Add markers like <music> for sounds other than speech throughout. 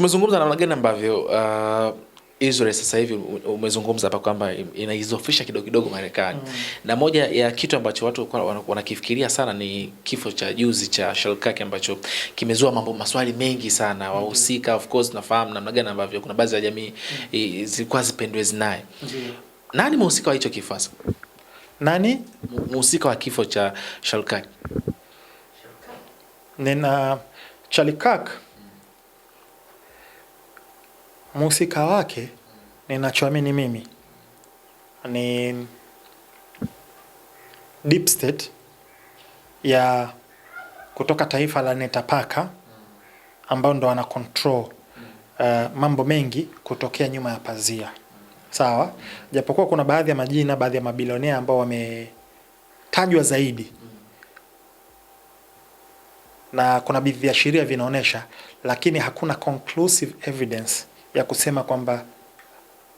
tumezungumza namna gani ambavyo uh, Israel sasa hivi um, um, umezungumza hapa kwamba inaizofisha kidogo kidogo Marekani mm. na moja ya kitu ambacho watu wanakifikiria sana ni kifo cha juzi cha Shalkaki ambacho kimezua mambo maswali mengi sana mm -hmm. wahusika, of course nafahamu namna gani ambavyo kuna baadhi ya jamii mm -hmm. zilikuwa zipendwezi naye mm -hmm. nani mhusika wa hicho kifo hasa? Nani mhusika wa kifo cha Shalkaki? Nina Chalikak mhusika wake, ninachoamini mimi ni deep state ya kutoka taifa la netapaka ambao ndo wana control uh, mambo mengi kutokea nyuma ya pazia. Sawa, japokuwa kuna baadhi ya majina, baadhi ya mabilionea ambao wametajwa zaidi na kuna viashiria vinaonyesha, lakini hakuna conclusive evidence ya kusema kwamba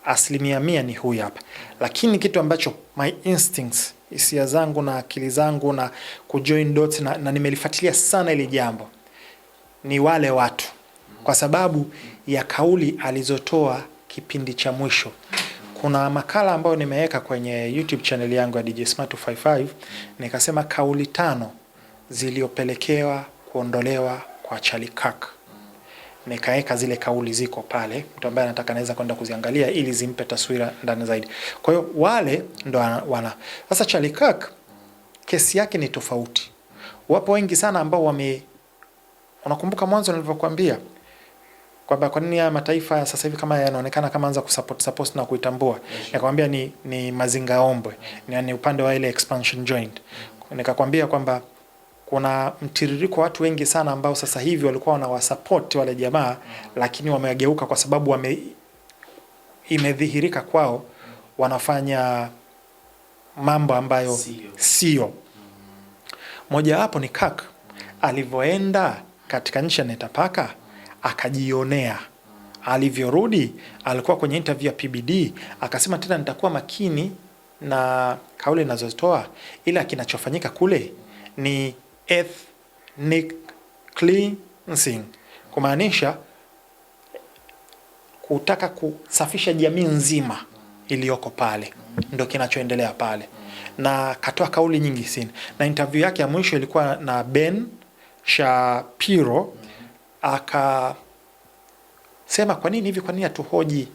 asilimia mia ni huyu hapa, lakini kitu ambacho my instincts, hisia zangu na akili zangu na kujoin dots na, na nimelifuatilia sana ili jambo ni wale watu, kwa sababu ya kauli alizotoa kipindi cha mwisho. Kuna makala ambayo nimeweka kwenye YouTube channel yangu ya DJ Smart 255 nikasema kauli tano ziliyopelekewa kuondolewa kwa Charlie Kirk nikaweka zile kauli ziko pale, mtu ambaye anataka anaweza kwenda kuziangalia ili zimpe taswira ndani zaidi. Kwa hiyo wale ndo wana sasa. Charlie Kirk kesi yake ni tofauti. Wapo wengi sana ambao wame, unakumbuka mwanzo nilivyokuambia kwamba kwa nini haya mataifa sasa hivi kama yanaonekana kama anza kusupport support na kuitambua, yes. nikakwambia ni, ni mazinga ombwe ni, ni upande wa ile expansion joint, mm. nikakwambia kwamba kuna mtiririko watu wengi sana ambao sasa hivi walikuwa wanawasapoti wale jamaa, lakini wamegeuka kwa sababu wame imedhihirika kwao wanafanya mambo ambayo sio. Mojawapo ni kak alivyoenda katika nchi ya Netapaka akajionea alivyorudi alikuwa kwenye interview ya PBD akasema, tena nitakuwa makini na kauli ninazotoa, ila kinachofanyika kule ni ethnic cleansing, kumaanisha kutaka kusafisha jamii nzima iliyoko pale, ndo kinachoendelea pale, na katoa kauli nyingi sana. Na interview yake ya mwisho ilikuwa na Ben Shapiro, akasema kwa nini hivi, kwa nini hatuhoji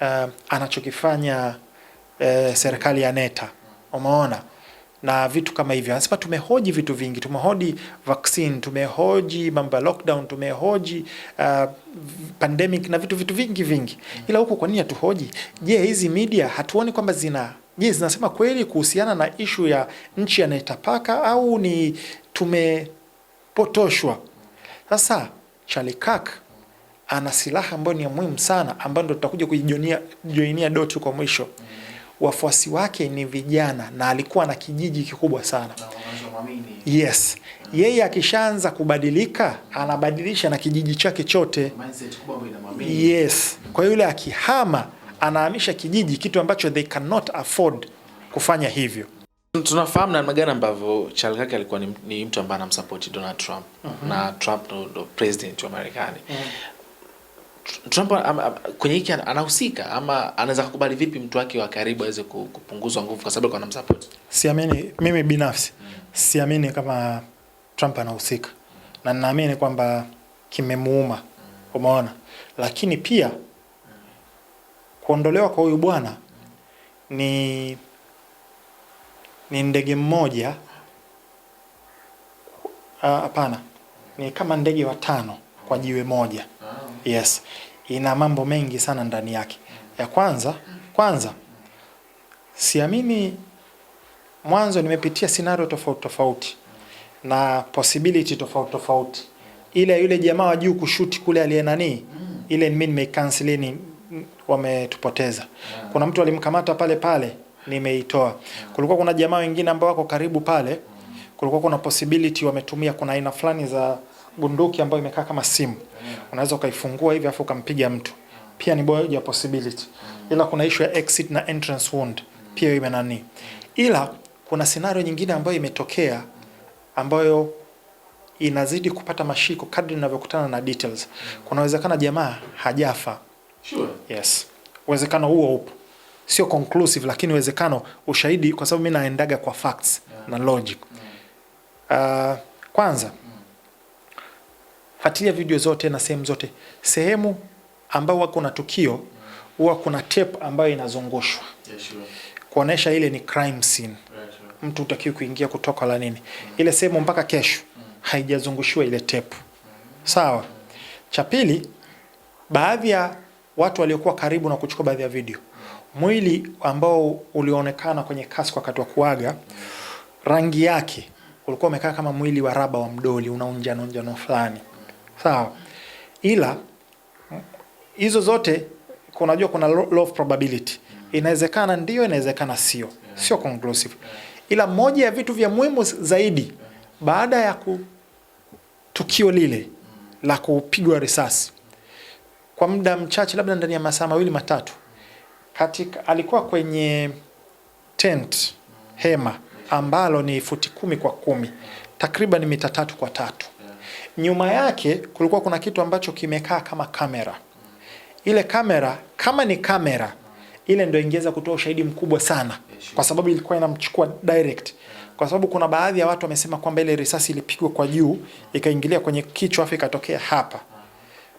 uh, anachokifanya uh, serikali ya Neta, umeona na vitu kama hivyo. Anasema tumehoji vitu vingi, tumehoji vaccine, tumehoji mambo ya lockdown, tumehoji uh, pandemic na vitu vitu vingi vingi, ila huko kwa nini hatuhoji? Je, hizi media hatuoni kwamba zina je zinasema kweli kuhusiana na ishu ya nchi anayetapaka au ni tumepotoshwa? Sasa Charlie Kirk ana silaha ambayo ni ya muhimu sana, ambayo ndo tutakuja kuijoinia doti kwa mwisho wafuasi wake ni vijana na alikuwa na kijiji kikubwa sana yes. Yeye akishaanza kubadilika anabadilisha na kijiji chake chote yes. Kwa yule akihama anahamisha kijiji, kitu ambacho they cannot afford kufanya hivyo. Tunafahamu namna gani ambavyo Chalukaki alikuwa ni, ni mtu ambaye anamsupport Donald Trump mm -hmm. na Trump ndo president wa Marekani mm -hmm. Trump am, kwenye hiki anahusika ama anaweza kukubali vipi mtu wake wa karibu aweze kupunguzwa nguvu kwa sababu anamsupport? Siamini mimi binafsi mm. Siamini kama Trump anahusika na ninaamini kwamba kimemuuma mm. Umeona, lakini pia kuondolewa kwa huyu bwana ni ni ndege mmoja ah, hapana, ni kama ndege watano kwa jiwe moja. Yes, ina mambo mengi sana ndani yake. Ya kwanza kwanza, siamini mwanzo, nimepitia scenario tofauti tofauti na possibility tofauti tofauti. Ile yule jamaa wa juu kushuti kule aliye nani ile, mimi nimeicancel, wametupoteza. Kuna mtu alimkamata pale pale, nimeitoa. Kulikuwa kuna jamaa wengine ambao wako karibu pale, kulikuwa kuna possibility wametumia, kuna aina fulani za bunduki ambayo imekaa kama simu, mm. unaweza ukaifungua hivi afu ukampiga mtu, pia ni moja ya possibility. mm. Ila kuna issue ya exit na entrance wound, pia ime nani. Ila kuna scenario nyingine ambayo imetokea ambayo inazidi kupata mashiko kadri ninavyokutana na details. Kuna uwezekano jamaa hajafa. Sure. Yes. Uwezekano huo upo. Sio conclusive lakini uwezekano ushahidi, kwa sababu mimi naendaga kwa facts yeah, na logic. Yeah. Uh, kwanza fuatilia video zote na sehemu zote. Sehemu ambao wako na tukio huwa kuna tape ambayo inazungushwa kuonesha ile ni crime scene mtu utakiwa kuingia kutoka la nini ile sehemu mpaka kesho haijazungushiwa ile tape sawa. Cha pili, baadhi ya watu waliokuwa karibu na kuchukua baadhi ya video mwili ambao ulionekana kwenye kask wakati wa kuaga, rangi yake ulikuwa umekaa kama mwili wa raba wa mdoli una unjano unjano fulani sawa, ila hizo zote kunajua kuna law of probability, inawezekana ndio, inawezekana sio, sio conclusive, ila moja ya vitu vya muhimu zaidi baada ya ku tukio lile la kupigwa risasi kwa muda mchache, labda ndani ya masaa mawili matatu, katika alikuwa kwenye tent hema ambalo ni futi kumi kwa kumi takriban mita tatu kwa tatu. Nyuma yake kulikuwa kuna kitu ambacho kimekaa kama kamera. Ile kamera kama ni kamera ile ndio ingeweza kutoa ushahidi mkubwa sana, kwa sababu ilikuwa inamchukua direct, kwa sababu kuna baadhi ya watu wamesema kwamba ile risasi ilipigwa kwa juu ikaingilia kwenye kichwa afa ikatokea hapa.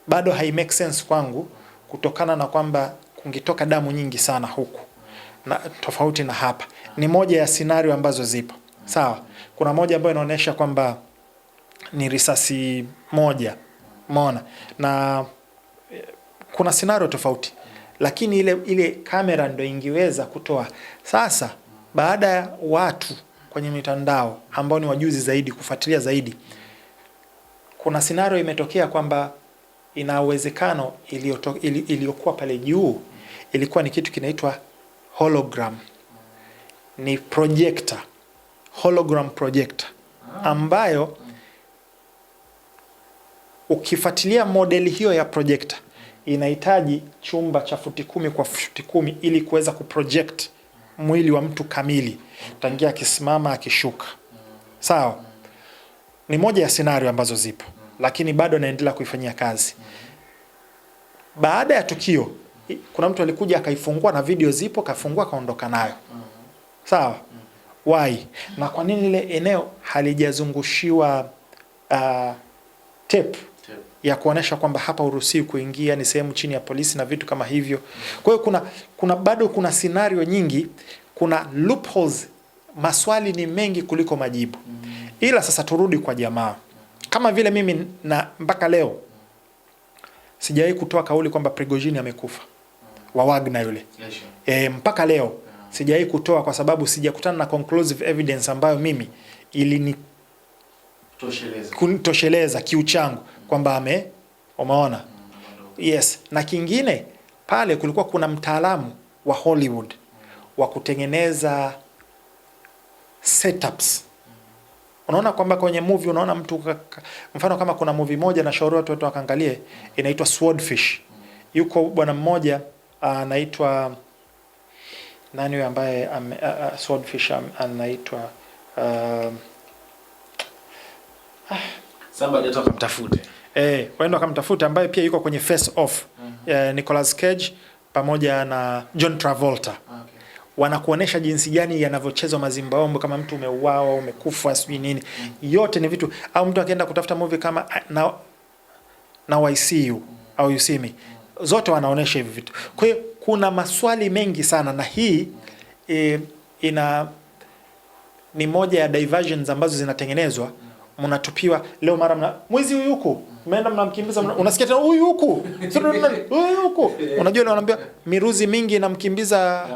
Bado hai make sense kwangu kutokana na kwamba kungitoka damu nyingi sana huku na tofauti na hapa. Ni moja ya scenario ambazo zipo sawa. Kuna moja ambayo inaonyesha kwamba ni risasi moja, umeona, na eh, kuna scenario tofauti, lakini ile ile kamera ndo ingeweza kutoa. Sasa baada ya watu kwenye mitandao ambao ni wajuzi zaidi kufuatilia zaidi, kuna scenario imetokea kwamba ina uwezekano iliyokuwa pale juu ilikuwa ni kitu kinaitwa hologram, ni projector, hologram projector ambayo Ukifuatilia modeli hiyo ya projekta inahitaji chumba cha futi kumi kwa futi kumi ili kuweza kuproject mwili wa mtu kamili, tangia akisimama, akishuka. Sawa, ni moja ya scenario ambazo zipo, lakini bado naendelea kuifanyia kazi. Baada ya tukio, kuna mtu alikuja akaifungua, na video zipo, kafungua kaondoka nayo. Sawa, wai na kwa nini lile eneo halijazungushiwa uh, tape ya kuonesha kwamba hapa uruhusiwi kuingia, ni sehemu chini ya polisi na vitu kama hivyo. Kwa hiyo kuna, kuna bado kuna scenario nyingi, kuna loopholes, maswali ni mengi kuliko majibu. Ila sasa turudi kwa jamaa, kama vile mimi na mpaka leo sijawahi kutoa kauli kwamba Prigojini amekufa wa Wagner yule e, mpaka leo sijawahi kutoa kwa sababu sijakutana na conclusive evidence ambayo mimi ilini kunitosheleza kiu changu kwamba ame, umeona yes. Na kingine pale kulikuwa kuna mtaalamu wa Hollywood wa kutengeneza setups. Unaona kwamba kwenye movie unaona mtu kaka, mfano kama kuna movie moja na shauri watu wakaangalie inaitwa Swordfish. Yuko bwana mmoja ah, anaitwa nani huyo ambaye um, uh, Swordfish anaitwa uh, ah, samba somebody atamtafute eh, waenda wakamtafuta ambaye pia yuko kwenye face off mm-hmm. eh, Nicolas Cage pamoja na John Travolta okay. Wanakuonesha jinsi gani yanavyochezwa mazimbaombo, kama mtu umeuawa umekufa, sijui nini mm. Yote ni vitu au mtu akienda kutafuta movie kama ah, na na I see you mm. au you see me mm. Zote wanaonesha hivi vitu. Kwa hiyo kuna maswali mengi sana, na hii e, ina ni moja ya diversions ambazo zinatengenezwa, mhm. mnatupiwa leo mara mna mwizi huyuko mmeenda mnamkimbiza, unasikia tena huyu huku <laughs> huyu huku. Unajua, wanaambia miruzi mingi inamkimbiza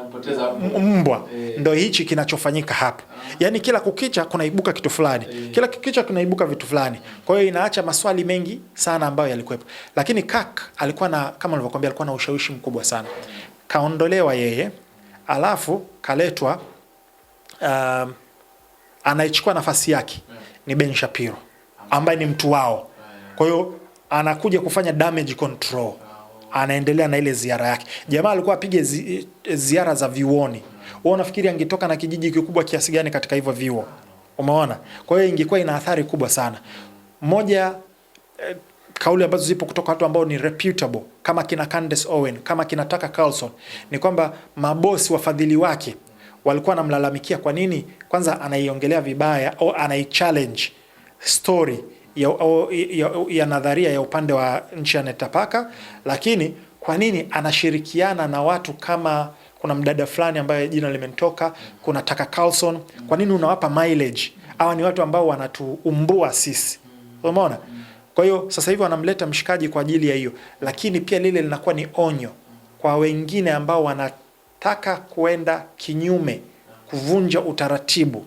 mbwa. Eh. Ndio hichi kinachofanyika hapa, ah. yaani kila kukicha kunaibuka kitu fulani, eh. kila kukicha kunaibuka vitu fulani. Kwa hiyo inaacha maswali mengi sana ambayo yalikuwepo, lakini kak alikuwa na kama nilivyokuambia, alikuwa na ushawishi mkubwa sana. Kaondolewa yeye, alafu kaletwa um, anaichukua nafasi yake eh. ni Ben Shapiro ambaye ni mtu wao kwa hiyo anakuja kufanya damage control, anaendelea na ile ziara yake. Jamaa alikuwa apige zi, eh, ziara za viuoni wao nafikiri angetoka na kijiji kikubwa kiasi gani katika hivyo viuo Umeona? Kwa hiyo ingekuwa ina athari kubwa sana. Moja eh, kauli ambazo zipo kutoka watu ambao ni reputable kama kina Candace Owen, kama kina Tucker Carlson ni kwamba mabosi wafadhili wake walikuwa wanamlalamikia kwa nini kwanza anaiongelea vibaya au anaichallenge story ya, ya, ya nadharia ya upande wa nchi ya netapaka, lakini kwa nini anashirikiana na watu kama kuna mdada fulani ambaye jina limetoka, kuna Taka Carlson. Kwa nini unawapa mileage? Hawa ni watu ambao wanatuumbua sisi, umeona? Kwa hiyo sasa hivi wanamleta mshikaji kwa ajili ya hiyo, lakini pia lile linakuwa ni onyo kwa wengine ambao wanataka kuenda kinyume, kuvunja utaratibu,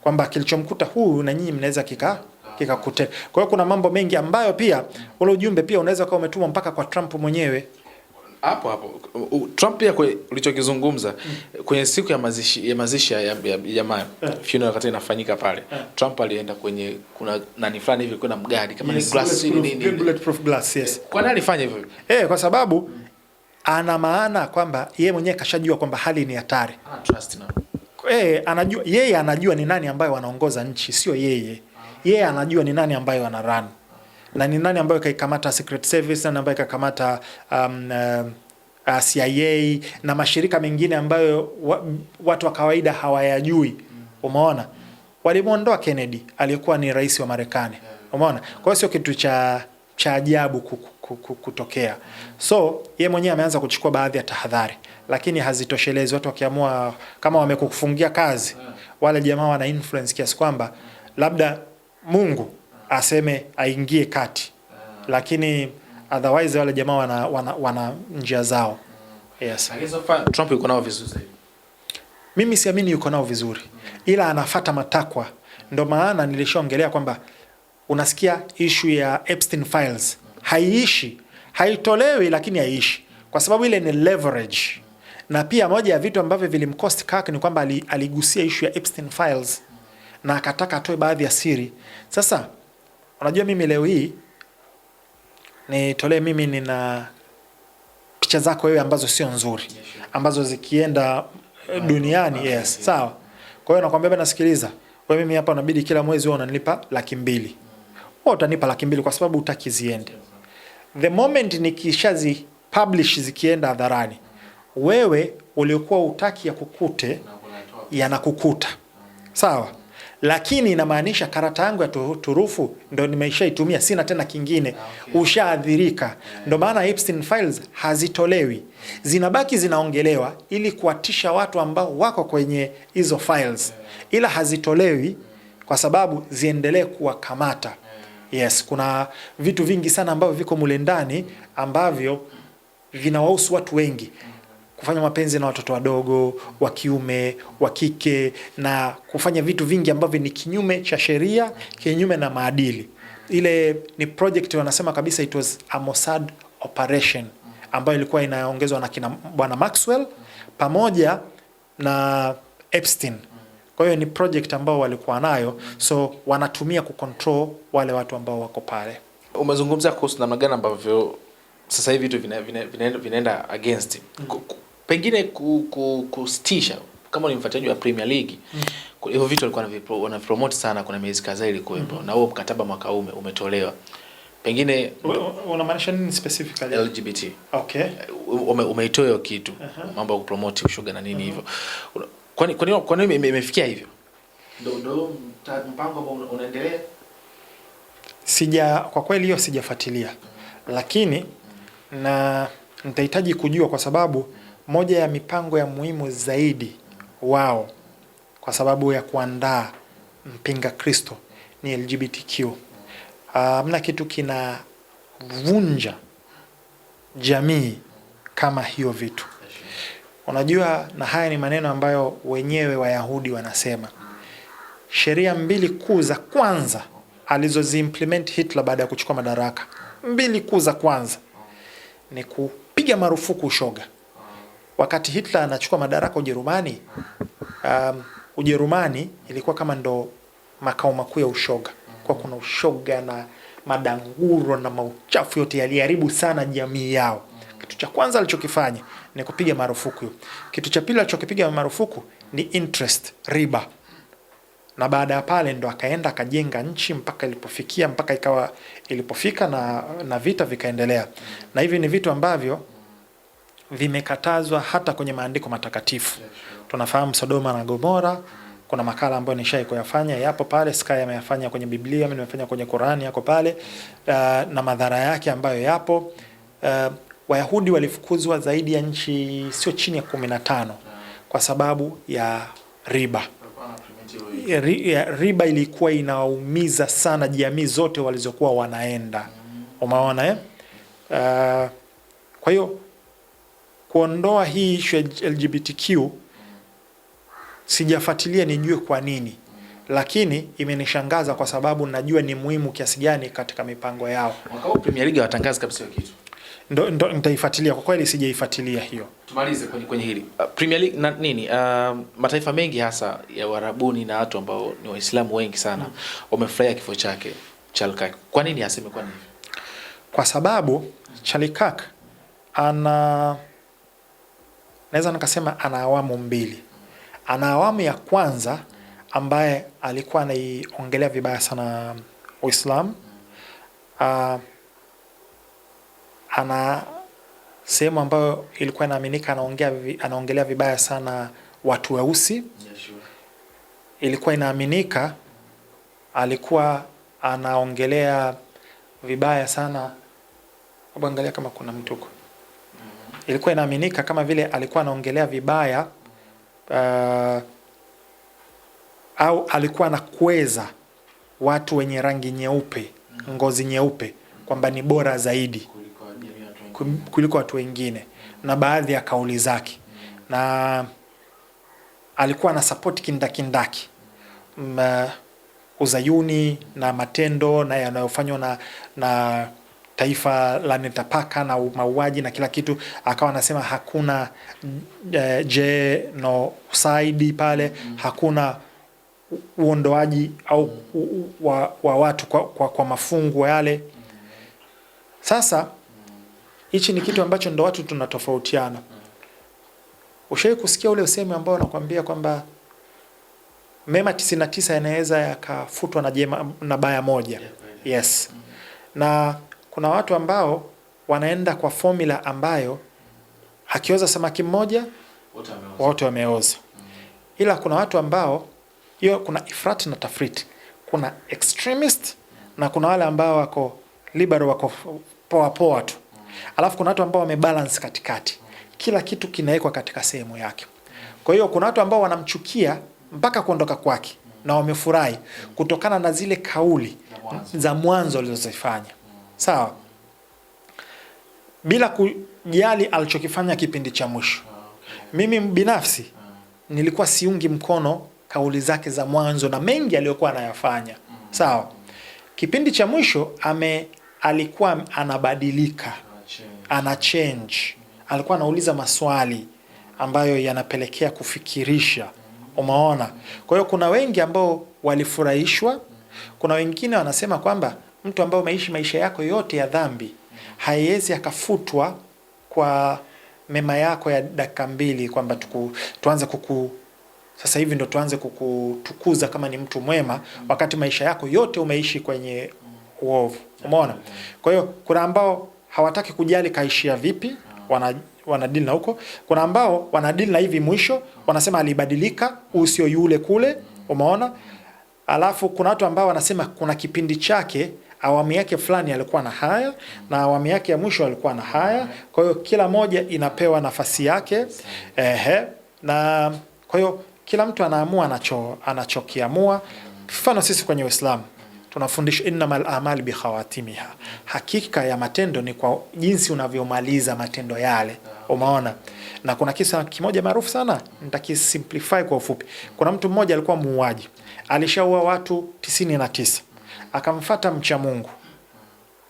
kwamba kilichomkuta huyu na nyinyi mnaweza kikaa kikakuteka. Kwa hiyo kuna mambo mengi ambayo pia ule ujumbe pia unaweza kuwa umetumwa mpaka kwa Trump mwenyewe hapo hapo Trump pia ulichokizungumza mm. kwenye siku ya mazishi ya mazishi ya jamaa yeah. Hmm. funeral wakati inafanyika pale yeah. Hmm. Trump alienda kwenye kuna nani fulani hivi kuna mgadi kama yes, ni glass nini nini bulletproof glass yes. Kwa nani alifanya hivyo? Eh, kwa sababu mm. ana maana kwamba yeye mwenyewe kashajua kwamba hali ni hatari. Ah, trust na. Eh, anajua yeye anajua ni nani ambaye wanaongoza nchi sio yeye yeye yeah, anajua ni nani ambayo ana run na ni nani ambayo kaikamata Secret Service, nani ambayo kaikamata um, uh, uh CIA na mashirika mengine ambayo wa, watu wa kawaida hawayajui. Umeona, walimwondoa Kennedy aliyekuwa ni rais wa Marekani. Umeona, kwa hiyo sio kitu cha cha ajabu kutokea. So yeye mwenyewe ameanza kuchukua baadhi ya tahadhari, lakini hazitoshelezi. Watu wakiamua kama wamekufungia kazi, wale jamaa wana influence kiasi kwamba labda Mungu aseme aingie kati, lakini otherwise wale jamaa wana, wana, wana njia zao. Yes. Trump yuko nao vizuri. Mimi siamini yuko nao vizuri ila anafata matakwa. Ndo maana nilishaongelea kwamba unasikia ishu ya Epstein Files haiishi, haitolewi, lakini haiishi kwa sababu ile ni leverage. Na pia moja ya vitu ambavyo vilimcost Kirk ni kwamba aligusia ishu ya Epstein Files na akataka atoe baadhi ya siri. Sasa unajua mimi leo hii nitolee, mimi nina picha zako wewe ambazo sio nzuri, ambazo zikienda duniani yes, sawa. Kwa hiyo nakwambia bana, sikiliza wewe, mimi hapa unabidi kila mwezi wewe unanilipa laki mbili, wewe utanipa laki mbili kwa sababu utaki ziende. The moment nikishazi publish zikienda hadharani, wewe uliokuwa utaki ya kukute yanakukuta, sawa lakini inamaanisha karata yangu ya turufu ndo nimeishaitumia, sina tena kingine. Okay. Ushaadhirika. Ndo maana Epstein files hazitolewi, zinabaki zinaongelewa ili kuwatisha watu ambao wako kwenye hizo files, ila hazitolewi kwa sababu ziendelee kuwakamata. Yes, kuna vitu vingi sana ambavyo viko mule ndani ambavyo vinawahusu watu wengi kufanya mapenzi na watoto wadogo wa kiume wa kike, na kufanya vitu vingi ambavyo ni kinyume cha sheria, kinyume na maadili. Ile ni project wanasema kabisa it was a Mossad operation ambayo ilikuwa inaongezwa na kina bwana Maxwell pamoja na Epstein. Kwa hiyo ni project ambao walikuwa nayo, so wanatumia kucontrol wale watu ambao wako pale. Umezungumza kuhusu namna gani ambavyo sasa hivi vitu vinaenda against pengine ku, ku, kama ni mfuatiliaji wa Premier League mm. hivyo vitu walikuwa wanavipromote sana, kuna miezi kadhaa ilikuwepo mm. na huo mkataba mwaka ume umetolewa pengine unamaanisha nini specifically LGBT? Okay, ume, umeitoa hiyo kitu uh -huh. mambo ya kupromote ushoga na nini uh-huh. hivyo uh -huh. kwani kwani kwa nini imefikia hivyo? Ndio ndio mpango ambao unaendelea, sija kwa kweli hiyo sijafuatilia, mm. lakini mm. na nitahitaji kujua kwa sababu moja ya mipango ya muhimu zaidi wao kwa sababu ya kuandaa mpinga Kristo ni LGBTQ. Hamna kitu kinavunja jamii kama hiyo vitu. Unajua, na haya ni maneno ambayo wenyewe Wayahudi wanasema. Sheria mbili kuu za kwanza alizoziimplement Hitler baada ya kuchukua madaraka, mbili kuu za kwanza ni kupiga marufuku ushoga wakati Hitler anachukua madaraka Ujerumani, um, Ujerumani ilikuwa kama ndo makao makuu ya ushoga, kwa kuna ushoga na madanguro na mauchafu yote yaliharibu sana jamii yao. Kitu cha kwanza alichokifanya ni kupiga marufuku hiyo. Kitu cha pili alichokipiga marufuku ni interest, riba, na baada ya pale ndo akaenda akajenga nchi mpaka ilipofikia mpaka ikawa ilipofika na, na vita vikaendelea, na hivi ni vitu ambavyo vimekatazwa hata kwenye maandiko matakatifu. Tunafahamu Sodoma na Gomora, kuna makala ambayo nishai kuyafanya, yapo pale. Sky ameyafanya kwenye Biblia, mimi nimefanya kwenye Qur'ani, yako pale uh, na madhara yake ambayo yapo. Uh, Wayahudi walifukuzwa zaidi ya nchi sio chini ya kumi na tano kwa sababu ya riba. Riba ilikuwa inawaumiza sana jamii zote walizokuwa wanaenda, umeona eh? Uh, kwa hiyo kuondoa hii ishu ya LGBTQ sijafuatilia nijue kwa nini, lakini imenishangaza kwa sababu najua ni muhimu kiasi gani katika mipango yao. Mwaka huu Premier League watangaza kabisa hiyo kitu. Ndo, ndo nitaifuatilia kwa kweli, sijaifuatilia hiyo. Tumalize kwenye, kwenye hili uh, Premier League na nini uh, mataifa mengi hasa ya Uarabuni na watu ambao ni Waislamu wengi sana mm-hmm. wamefurahia mm. kifo chake Chalkak. Kwa nini aseme kwa nini? Kwa sababu Chalkak ana naweza nikasema ana awamu mbili. Ana awamu ya kwanza ambaye alikuwa anaiongelea vibaya sana Uislamu. Uh, ana sehemu ambayo ilikuwa inaaminika anaongea anaongelea vibaya sana watu weusi. Ilikuwa inaaminika alikuwa anaongelea vibaya sana. Hebu angalia kama kuna mtu huko ilikuwa inaaminika kama vile alikuwa anaongelea vibaya uh, au alikuwa anakweza watu wenye rangi nyeupe, ngozi nyeupe, kwamba ni bora zaidi kuliko watu wengine na baadhi ya kauli zake, na alikuwa na sapoti kindakindaki mm, uh, uzayuni na matendo na yanayofanywa na, na taifa la netapaka na mauaji na kila kitu, akawa anasema hakuna e, eh, jenosaidi pale mm. hakuna uondoaji au mm-hmm. wa, wa watu kwa, kwa, kwa mafungu yale. Mm-hmm. Sasa hichi ni kitu ambacho ndo watu tunatofautiana. Ushawai kusikia ule usemi ambao unakwambia kwamba mema 99 yanaweza yakafutwa na jema na baya moja? Yes, na kuna watu ambao wanaenda kwa formula ambayo akioza samaki mmoja wote wameoza. Mm. Ila kuna watu ambao hiyo, kuna ifrat na tafriti, kuna extremist na kuna wale ambao wako liberal, wako poa poa tu, mm. alafu kuna watu ambao wamebalance katikati. Mm. Kila kitu kinawekwa katika sehemu yake. Kwa hiyo kuna watu ambao wanamchukia mpaka kuondoka kwake na wamefurahi kutokana na zile kauli za mwanzo alizozifanya sawa, bila kujali alichokifanya kipindi cha mwisho. Ah, Mimi binafsi ah. nilikuwa siungi mkono kauli zake za mwanzo na mengi aliyokuwa anayafanya, mm. sawa. Kipindi cha mwisho ame alikuwa anabadilika, ana change, alikuwa anauliza maswali ambayo yanapelekea kufikirisha. Mm. Umeona? Kwa hiyo kuna wengi ambao walifurahishwa, kuna wengine wanasema kwamba mtu ambaye umeishi maisha yako yote ya dhambi haiwezi akafutwa kwa mema yako ya dakika mbili, kwamba tuku, tuanze kuku sasa hivi ndo tuanze kukutukuza kama ni mtu mwema, wakati maisha yako yote umeishi kwenye uovu. Umeona? Kwa hiyo kuna ambao hawataki kujali kaishia vipi, wana wanadili na huko. Kuna ambao wanadili na hivi mwisho, wanasema alibadilika, usio yule kule. Umeona? Alafu kuna watu ambao wanasema kuna kipindi chake awamu yake fulani alikuwa na haya na awamu yake ya mwisho alikuwa na haya. Kwa hiyo kila moja inapewa nafasi yake ehe, na kwa hiyo kila mtu anaamua anacho anachokiamua. Mfano sisi kwenye Uislamu tunafundisha innamal amali bikhawatimiha, hakika ya matendo ni kwa jinsi unavyomaliza matendo yale. Umeona, na kuna kisa kimoja maarufu sana, nitakisimplify kwa ufupi. Kuna mtu mmoja alikuwa muuaji, alishaua watu tisini na tisa akamfata mcha Mungu.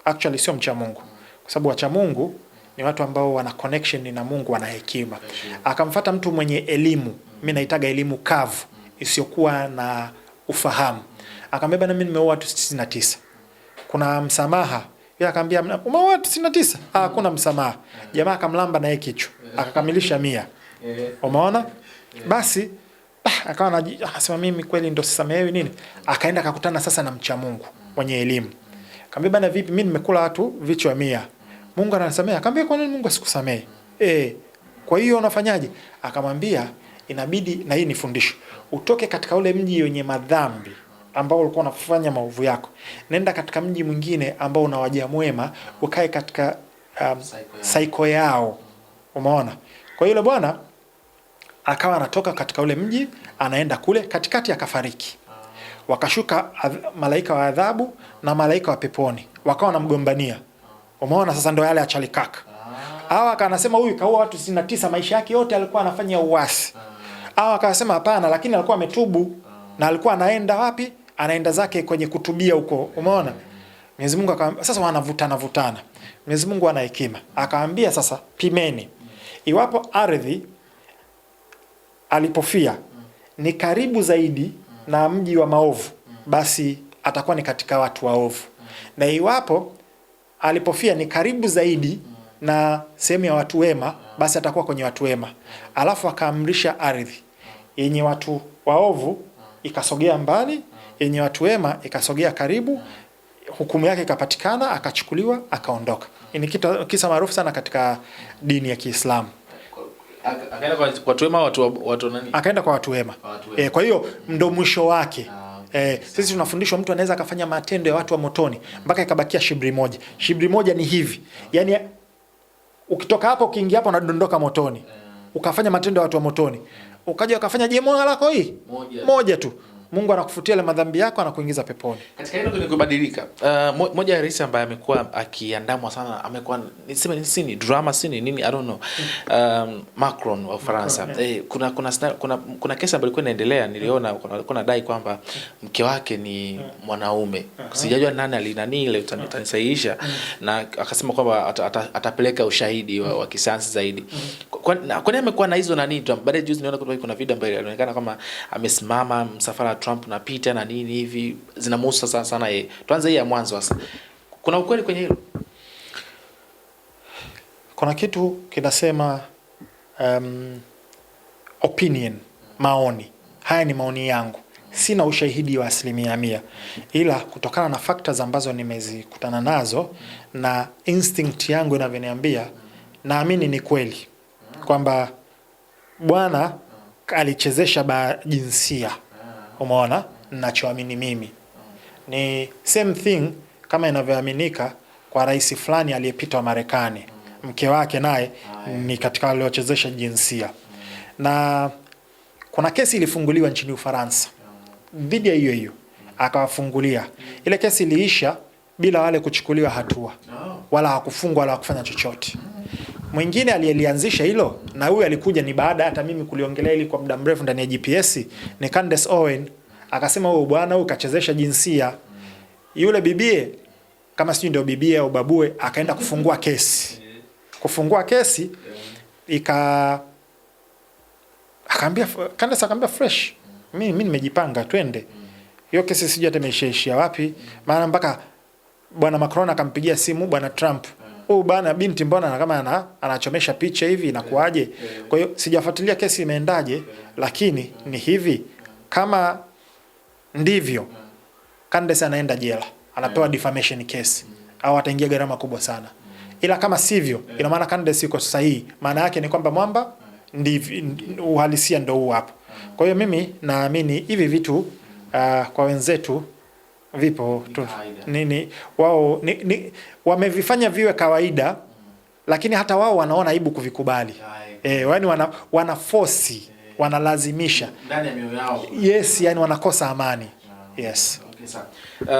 Actually sio mcha Mungu, kwa sababu wacha Mungu ni watu ambao wana connection na Mungu, wana hekima. Akamfata mtu mwenye elimu, mimi naitaga elimu kavu isiyokuwa na ufahamu. Akambeba na mimi nimeoa watu 99. Kuna msamaha yeye akaambia umeoa 99? Ah, kuna msamaha. Jamaa akamlamba na yeye kichwa akakamilisha mia. Eh. Umeona? Basi Ah, akawa anasema ah, mimi kweli ndo sisamehewi nini. Akaenda akakutana sasa na mcha Mungu mwenye elimu, akamwambia bana, vipi, mimi nimekula watu vichwa mia, Mungu ananisamehe? Akamwambia kwa nini Mungu asikusamehe? Eh, kwa hiyo unafanyaje? Akamwambia inabidi, na hii ni fundisho, utoke katika ule mji wenye madhambi ambao ulikuwa unafanya maovu yako, nenda katika mji mwingine ambao una waja mwema, ukae katika um, saiko yao. Umeona? Kwa hiyo yule bwana akawa anatoka katika ule mji anaenda kule katikati, akafariki. Wakashuka malaika wa adhabu na malaika wa peponi, wakawa wanamgombania. Umeona sasa, ndo yale achalikaka ah. hawa. Akanasema huyu kaua watu sitini na tisa, maisha yake yote alikuwa anafanya uasi. Hawa ah. akasema hapana, lakini alikuwa ametubu ah. na alikuwa anaenda wapi? Anaenda zake kwenye kutubia huko, umeona. Mwenyezi Mungu akamwambia sasa, wanavutana vutana. Mwenyezi Mungu ana hekima, akaambia sasa, pimeni iwapo ardhi alipofia ni karibu zaidi na mji wa maovu, basi atakuwa ni katika watu waovu, na iwapo alipofia ni karibu zaidi na sehemu ya watu wema, basi atakuwa kwenye watu wema. Alafu akaamrisha ardhi yenye watu waovu ikasogea mbali, yenye watu wema ikasogea karibu, hukumu yake ikapatikana, akachukuliwa, akaondoka. Ni kisa maarufu sana katika dini ya Kiislamu akaenda kwa watu wema, watu watu nani, akaenda kwa watu wema eh. Kwa hiyo ndo mwisho wake. Ah, eh, sisi tunafundishwa mtu anaweza akafanya matendo ya watu wa motoni mpaka ikabakia shibri moja. Shibri moja ni hivi, yaani ukitoka hapo ukiingia hapo unadondoka motoni, eh. ukafanya matendo ya watu wa motoni, eh. ukaja ukafanya je, lako hii moja tu Mungu anakufutia ile madhambi yako, anakuingiza peponi. Katika hilo kuna Uh, moja ya rais ambaye amekuwa akiandamwa sana, amekuwa niseme ni sini drama sini nini I don't know. Um, Macron wa Ufaransa. yeah. Eh, kuna kuna kuna kuna kesi ambayo ilikuwa inaendelea, niliona alikuwa anadai kwamba mm. mke wake ni mm. mwanaume. Mm. Sijajua nani alinani ile utanisahihisha, na akasema kwamba atapeleka ushahidi wa, wa kisayansi zaidi kwani amekuwa na hizo nani Trump? Baadaye juzi niona kuna kuna video ambayo inaonekana kama amesimama msafara wa Trump na Peter na nini hivi zinamuhusu sana sana yeye. Tuanze hii ya mwanzo sasa. Kuna ukweli kwenye hilo? Kuna kitu kinasema um, opinion, maoni. Haya ni maoni yangu. Sina ushahidi wa asilimia mia, ila kutokana na factors ambazo nimezikutana nazo na instinct yangu inavyoniambia, naamini ni kweli kwamba Bwana alichezesha ba jinsia. Umeona nachoamini mimi ni same thing kama inavyoaminika kwa rais fulani aliyepita wa Marekani, mke wake naye ni katika aliochezesha jinsia, na kuna kesi ilifunguliwa nchini Ufaransa dhidi ya hiyo hiyo, akawafungulia. Ile kesi iliisha bila wale kuchukuliwa hatua, wala hakufungwa wala hakufanya chochote. Mwingine aliyelianzisha hilo na huyu alikuja ni baada hata mimi kuliongelea hili kwa muda mrefu ndani ya GPS ni Candace Owen, akasema huyo bwana huyu kachezesha jinsia. Yule bibie kama sijui ndio bibie au babue akaenda kufungua kesi, kufungua kesi ika akaambia Candace, akaambia fresh, mimi mimi nimejipanga, twende. Hiyo kesi sijui hata imeishaishia wapi, maana mpaka bwana Macron akampigia simu bwana Trump huyu oh, bana, binti mbona kama ana, anachomesha picha hivi inakuaje? Kwa hiyo sijafuatilia kesi imeendaje, lakini ni hivi, kama ndivyo Candace anaenda jela, anapewa defamation case au ataingia gharama kubwa sana, ila kama sivyo, ina maana Candace yuko sahihi. Maana yake ni kwamba mwamba ndivyo, uhalisia ndio huu hapo. Kwa hiyo mimi naamini hivi vitu uh, kwa wenzetu vipo tu, nini wao ni, ni, wamevifanya viwe kawaida mm. Lakini hata wao wanaona aibu kuvikubali eh, yani wana, wana force e, wanalazimisha ndani ya mioyo yao. Yes, yani wanakosa amani. Wow. Yes. Okay,